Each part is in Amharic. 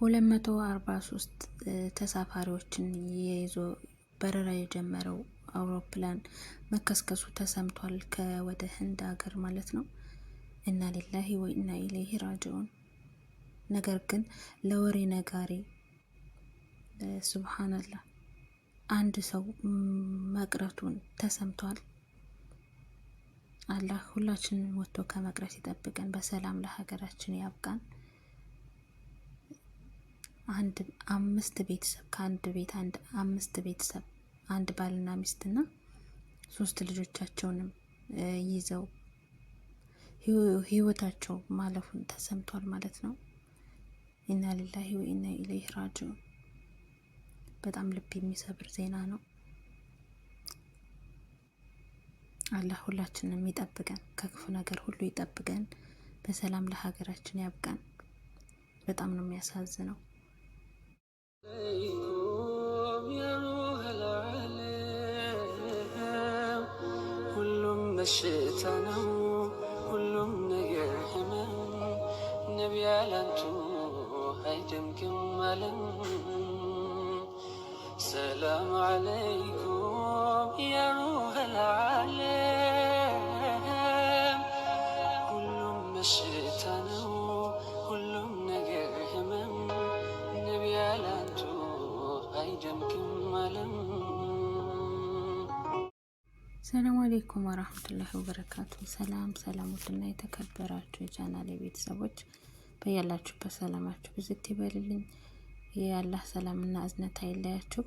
243 ተሳፋሪዎችን የይዞ በረራ የጀመረው አውሮፕላን መከስከሱ ተሰምቷል። ከወደ ህንድ ሀገር ማለት ነው። እና ሊላሂ እና ኢለይሂ ራጅዑን። ነገር ግን ለወሬ ነጋሪ ሱብሃንአላህ አንድ ሰው መቅረቱን ተሰምቷል። አላህ ሁላችንን ወጥቶ ከመቅረት ይጠብቀን። በሰላም ለሀገራችን ያብቃን። አንድ አምስት ቤተሰብ ከአንድ ቤት አንድ አምስት ቤተሰብ አንድ ባልና ሚስትና ሶስት ልጆቻቸውንም ይዘው ህይወታቸው ማለፉን ተሰምቷል ማለት ነው። ኢና ሊላሂ ወኢና ኢለይሂ ራጂዑን። በጣም ልብ የሚሰብር ዜና ነው። አላህ ሁላችንም ይጠብቀን፣ ከክፉ ነገር ሁሉ ይጠብቀን፣ በሰላም ለሀገራችን ያብቃን። በጣም ነው የሚያሳዝነው። ሁሉም በሽታ ነው፣ ሁሉም ነገር ህመም። ያላንቱ አይደምግም አለም። ሰላም አለይኩም ሰላም አሌይኩም ወራህመቱላሂ ወበረካቱ። ሰላም ሰላም፣ ውድና የተከበራችሁ የቻናሌ ቤተሰቦች በያላችሁበት ሰላማችሁ ብዝት ይበልልኝ። የአላህ ሰላምና እዝነት አይለያችሁ።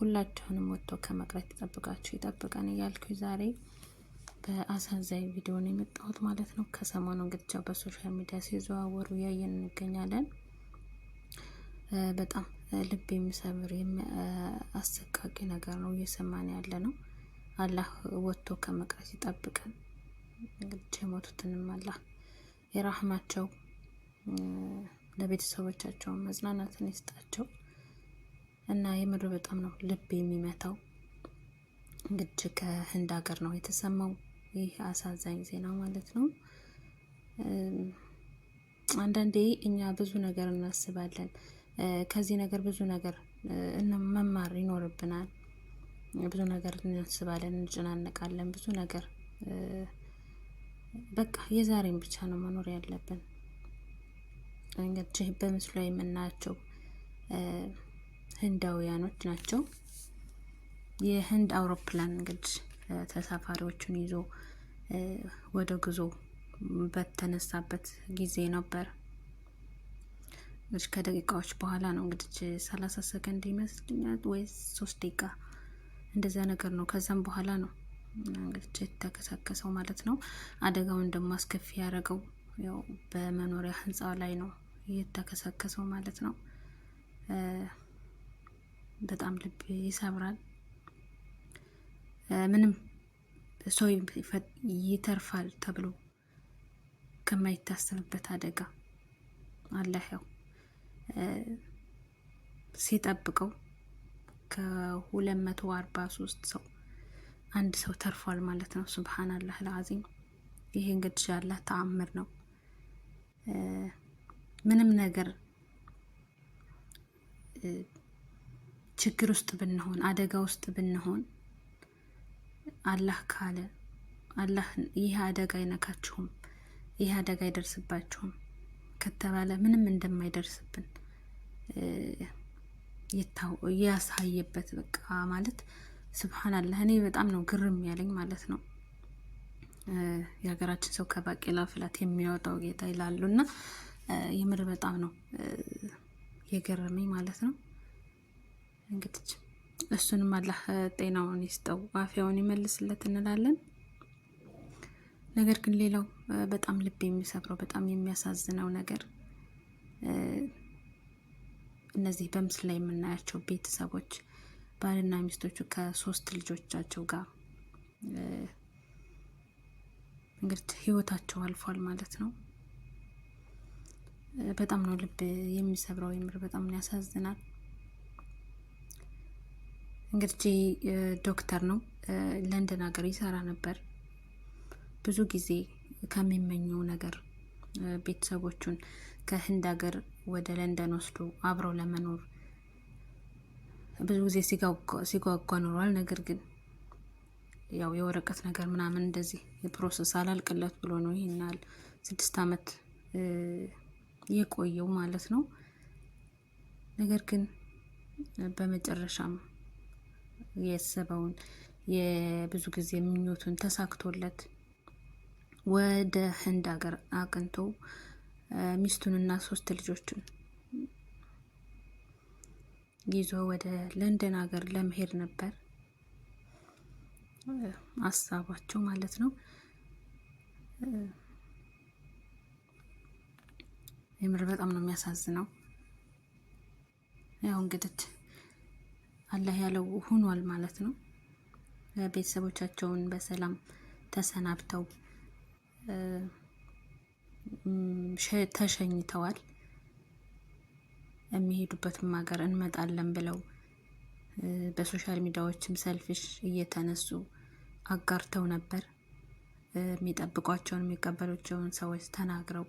ሁላችሁንም ወጥቶ ከመቅረት ይጠብቃችሁ ይጠብቀን እያልኩ ዛሬ በአሳዛኝ ቪዲዮ ነው የመጣሁት ማለት ነው። ከሰሞኑ እንግዲህ በሶሻል ሚዲያ ሲዘዋወሩ እያየን እንገኛለን በጣም ልብ የሚሰብር አሰቃቂ ነገር ነው እየሰማን ያለ ነው። አላህ ወጥቶ ከመቅረት ይጠብቀን። እንግዲህ የሞቱትንም አላህ የራህማቸው ለቤተሰቦቻቸው መጽናናትን ይስጣቸው እና የምር በጣም ነው ልብ የሚመታው። እንግዲህ ከህንድ ሀገር ነው የተሰማው ይህ አሳዛኝ ዜና ማለት ነው። አንዳንዴ እኛ ብዙ ነገር እናስባለን። ከዚህ ነገር ብዙ ነገር መማር ይኖርብናል። ብዙ ነገር እናስባለን፣ እንጨናነቃለን። ብዙ ነገር በቃ የዛሬን ብቻ ነው መኖር ያለብን። እንግዲህ በምስሉ ላይ የምናያቸው ህንዳውያኖች ናቸው። የህንድ አውሮፕላን እንግዲህ ተሳፋሪዎቹን ይዞ ወደ ጉዞ በተነሳበት ጊዜ ነበር። እሺ ከደቂቃዎች በኋላ ነው እንግዲህ ሰላሳ ሰከንድ ይመስልኛል ወይ ሶስት ደቂቃ እንደዛ ነገር ነው። ከዛም በኋላ ነው እንግዲህ የተከሰከሰው ማለት ነው። አደጋውን ደግሞ አስከፊ ያደረገው ያው በመኖሪያ ህንፃ ላይ ነው የተከሰከሰው ማለት ነው። በጣም ልብ ይሰብራል። ምንም ሰው ይተርፋል ተብሎ ከማይታሰብበት አደጋ አላህ ያው ሲጠብቀው ከ243 ሰው አንድ ሰው ተርፏል ማለት ነው። ሱብሃናላህ አልዓዚም። ይሄ እንግዲህ ያለ ተአምር ነው። ምንም ነገር ችግር ውስጥ ብንሆን፣ አደጋ ውስጥ ብንሆን አላህ ካለ አላህ ይህ አደጋ አይነካችሁም፣ ይህ አደጋ አይደርስባችሁም ከተባለ ምንም እንደማይደርስብን ያሳየበት በቃ ማለት ስብሓንላህ። እኔ በጣም ነው ግርም ያለኝ ማለት ነው የሀገራችን ሰው ከባቄላ ፍላት የሚያወጣው ጌታ ይላሉ እና የምር በጣም ነው የገረመኝ ማለት ነው። እንግዲህ እሱንም አላህ ጤናውን ይስጠው አፊያውን ይመልስለት እንላለን። ነገር ግን ሌላው በጣም ልብ የሚሰብረው በጣም የሚያሳዝነው ነገር እነዚህ በምስል ላይ የምናያቸው ቤተሰቦች ባልና ሚስቶቹ ከሶስት ልጆቻቸው ጋር እንግዲህ ህይወታቸው አልፏል ማለት ነው። በጣም ነው ልብ የሚሰብረው። የምር በጣም ነው ያሳዝናል። እንግዲህ ዶክተር ነው፣ ለንደን ሀገር ይሰራ ነበር። ብዙ ጊዜ ከሚመኘው ነገር ቤተሰቦቹን ከህንድ ሀገር ወደ ለንደን ወስዶ አብረው ለመኖር ብዙ ጊዜ ሲጓጓ ኖሯል። ነገር ግን ያው የወረቀት ነገር ምናምን እንደዚህ የፕሮሰስ አላልቅለት ብሎ ነው ይህናል ስድስት ዓመት የቆየው ማለት ነው። ነገር ግን በመጨረሻም የሰበውን የብዙ ጊዜ ምኞቱን ተሳክቶለት ወደ ህንድ ሀገር አቅንቶ ሚስቱንና ሶስት ልጆቹን ይዞ ወደ ለንደን ሀገር ለመሄድ ነበር አሳባቸው ማለት ነው። የምር በጣም ነው የሚያሳዝነው። ያው እንግዲህ አላህ ያለው ሁኗል ማለት ነው። ቤተሰቦቻቸውን በሰላም ተሰናብተው ተሸኝተዋል። የሚሄዱበትም ሀገር እንመጣለን ብለው በሶሻል ሚዲያዎችም ሰልፊሽ እየተነሱ አጋርተው ነበር። የሚጠብቋቸውን የሚቀበሏቸውን ሰዎች ተናግረው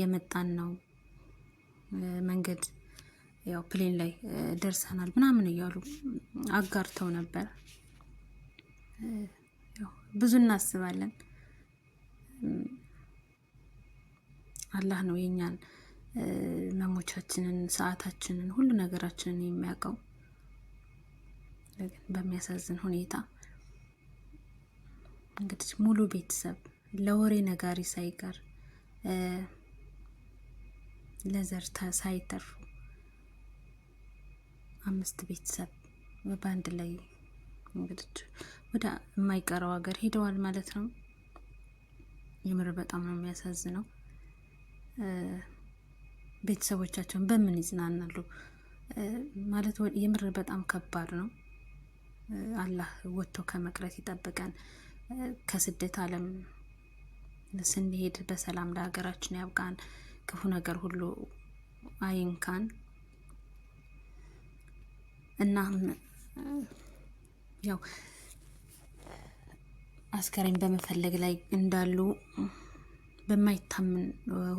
የመጣን ነው መንገድ ያው ፕሌን ላይ ደርሰናል ምናምን እያሉ አጋርተው ነበር። ብዙ እናስባለን። አላህ ነው የእኛን መሞቻችንን፣ ሰዓታችንን፣ ሁሉ ነገራችንን የሚያውቀው። በሚያሳዝን ሁኔታ እንግዲህ ሙሉ ቤተሰብ ለወሬ ነጋሪ ሳይቀር ለዘር ሳይተርፉ አምስት ቤተሰብ በአንድ ላይ እንግዲህ ወደ የማይቀረው ሀገር ሄደዋል ማለት ነው። የምር በጣም ነው የሚያሳዝነው። ቤተሰቦቻቸውን በምን ይዝናናሉ? ማለት የምር በጣም ከባድ ነው። አላህ ወጥቶ ከመቅረት ይጠብቀን። ከስደት ዓለም ስንሄድ በሰላም ለሀገራችን ያብቃን። ክፉ ነገር ሁሉ አይንካን። እናም ያው አስከሬን በመፈለግ ላይ እንዳሉ በማይታምን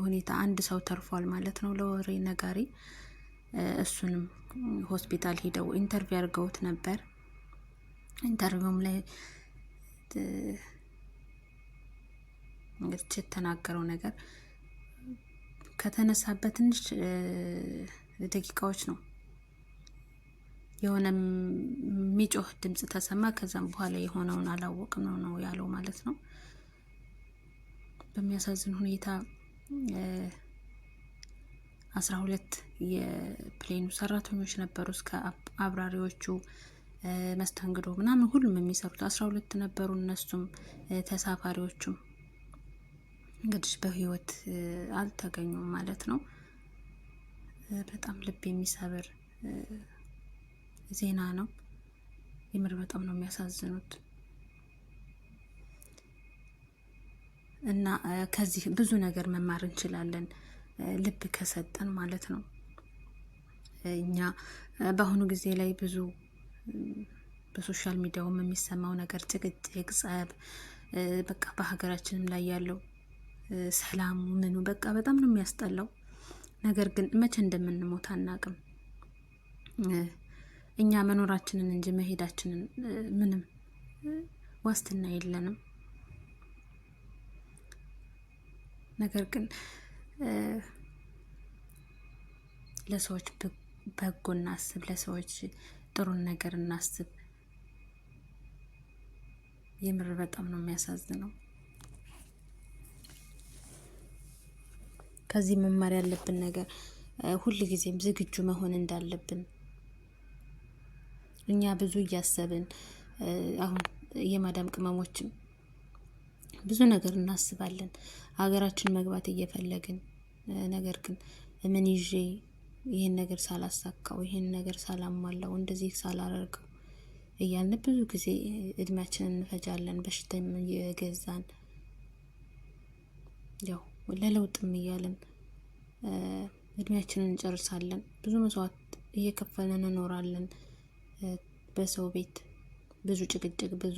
ሁኔታ አንድ ሰው ተርፏል ማለት ነው ለወሬ ነጋሪ። እሱንም ሆስፒታል ሄደው ኢንተርቪው አድርገውት ነበር። ኢንተርቪውም ላይ እንግዲህ የተናገረው ነገር ከተነሳበት ትንሽ ደቂቃዎች ነው የሆነ የሚጮህ ድምፅ ተሰማ። ከዛም በኋላ የሆነውን ነው ነው ያለው ማለት ነው። በሚያሳዝን ሁኔታ አስራ ሁለት የፕሌኑ ሰራተኞች ነበሩ እስከ አብራሪዎቹ መስተንግዶ ምናምን ሁሉም የሚሰሩት አስራ ሁለት ነበሩ። እነሱም ተሳፋሪዎቹም እንግዲህ በህይወት አልተገኙም ማለት ነው። በጣም ልብ የሚሰብር ዜና ነው። የምር በጣም ነው የሚያሳዝኑት። እና ከዚህ ብዙ ነገር መማር እንችላለን፣ ልብ ከሰጠን ማለት ነው። እኛ በአሁኑ ጊዜ ላይ ብዙ በሶሻል ሚዲያውም የሚሰማው ነገር ጭቅጭቅ፣ ጸብ፣ በቃ በሀገራችንም ላይ ያለው ሰላሙ ምኑ በቃ በጣም ነው የሚያስጠላው። ነገር ግን መቼ እንደምንሞት አናቅም። እኛ መኖራችንን እንጂ መሄዳችንን ምንም ዋስትና የለንም። ነገር ግን ለሰዎች በጎ እናስብ፣ ለሰዎች ጥሩን ነገር እናስብ። የምር በጣም ነው የሚያሳዝነው። ከዚህ መማር ያለብን ነገር ጊዜም ዝግጁ መሆን እንዳለብን እኛ ብዙ እያሰብን አሁን የማዳም ቅመሞችም ብዙ ነገር እናስባለን። ሀገራችን መግባት እየፈለግን ነገር ግን ምን ይዤ ይህን ነገር ሳላሳካው ይህን ነገር ሳላሟላው እንደዚህ ሳላረርገው እያልን ብዙ ጊዜ እድሜያችንን እንፈጃለን። በሽተኛ እየገዛን ያው ለለውጥም እያልን እድሜያችንን እንጨርሳለን። ብዙ መስዋዕት እየከፈለን እንኖራለን። በሰው ቤት ብዙ ጭቅጭቅ፣ ብዙ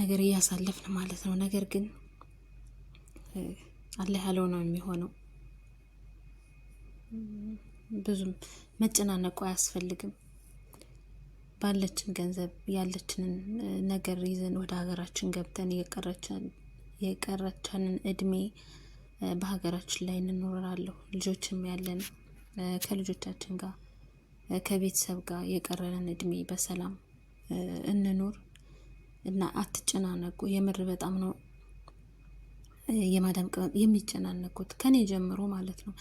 ነገር እያሳለፍን ማለት ነው። ነገር ግን አላህ ያለው ነው የሚሆነው። ብዙም መጨናነቁ አያስፈልግም። ባለችን ገንዘብ ያለችንን ነገር ይዘን ወደ ሀገራችን ገብተን የቀረቻንን እድሜ በሀገራችን ላይ እንኖራለሁ። ልጆችም ያለን ከልጆቻችን ጋር ከቤተሰብ ጋር የቀረንን እድሜ በሰላም እንኑር እና አትጨናነቁ። የምር በጣም ነው የማዳም ቅመም የሚጨናነቁት ከኔ ጀምሮ ማለት ነው።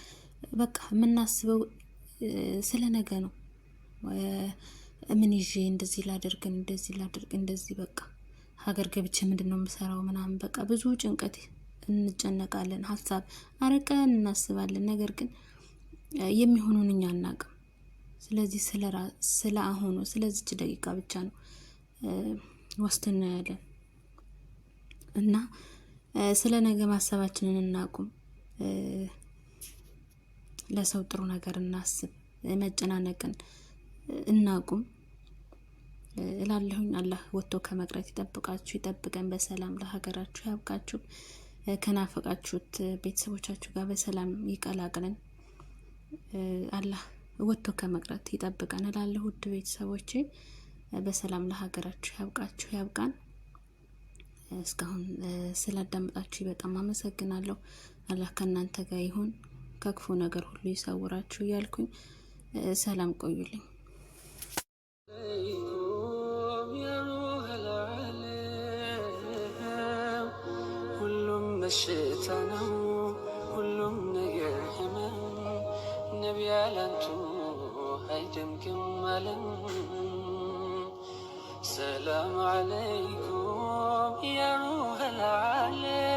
በቃ የምናስበው ስለ ነገ ነው። ምን ይዤ እንደዚህ ላደርግ እንደዚህ ላደርግ እንደዚህ በቃ ሀገር ገብቼ ምንድን ነው የምሰራው ምናምን በቃ ብዙ ጭንቀት እንጨነቃለን። ሀሳብ አረቀን እናስባለን። ነገር ግን የሚሆኑን እኛ አናቅም። ስለዚህ ስለ አሁኑ ስለዚች ደቂቃ ብቻ ነው ዋስትና ያለን እና ስለ ነገ ማሰባችንን እናቁም። ለሰው ጥሩ ነገር እናስብ። መጨናነቅን እናቁም እላለሁኝ። አላህ ወጥቶ ከመቅረት ይጠብቃችሁ፣ ይጠብቀን። በሰላም ለሀገራችሁ ያብቃችሁ። ከናፈቃችሁት ቤተሰቦቻችሁ ጋር በሰላም ይቀላቅለን። አላህ ወጥቶ ከመቅረት ይጠብቀን እላለሁ። ውድ ቤተሰቦቼ በሰላም ለሀገራችሁ ያብቃችሁ ያብቃን። እስካሁን ስላዳመጣችሁ በጣም አመሰግናለሁ። አላህ ከእናንተ ጋር ይሁን፣ ከክፉ ነገር ሁሉ ይሰውራችሁ እያልኩኝ ሰላም ቆዩልኝ። ሁሉም አይደምቅም አለም። ሰላም አለይኩም ያሩሃል ዓለም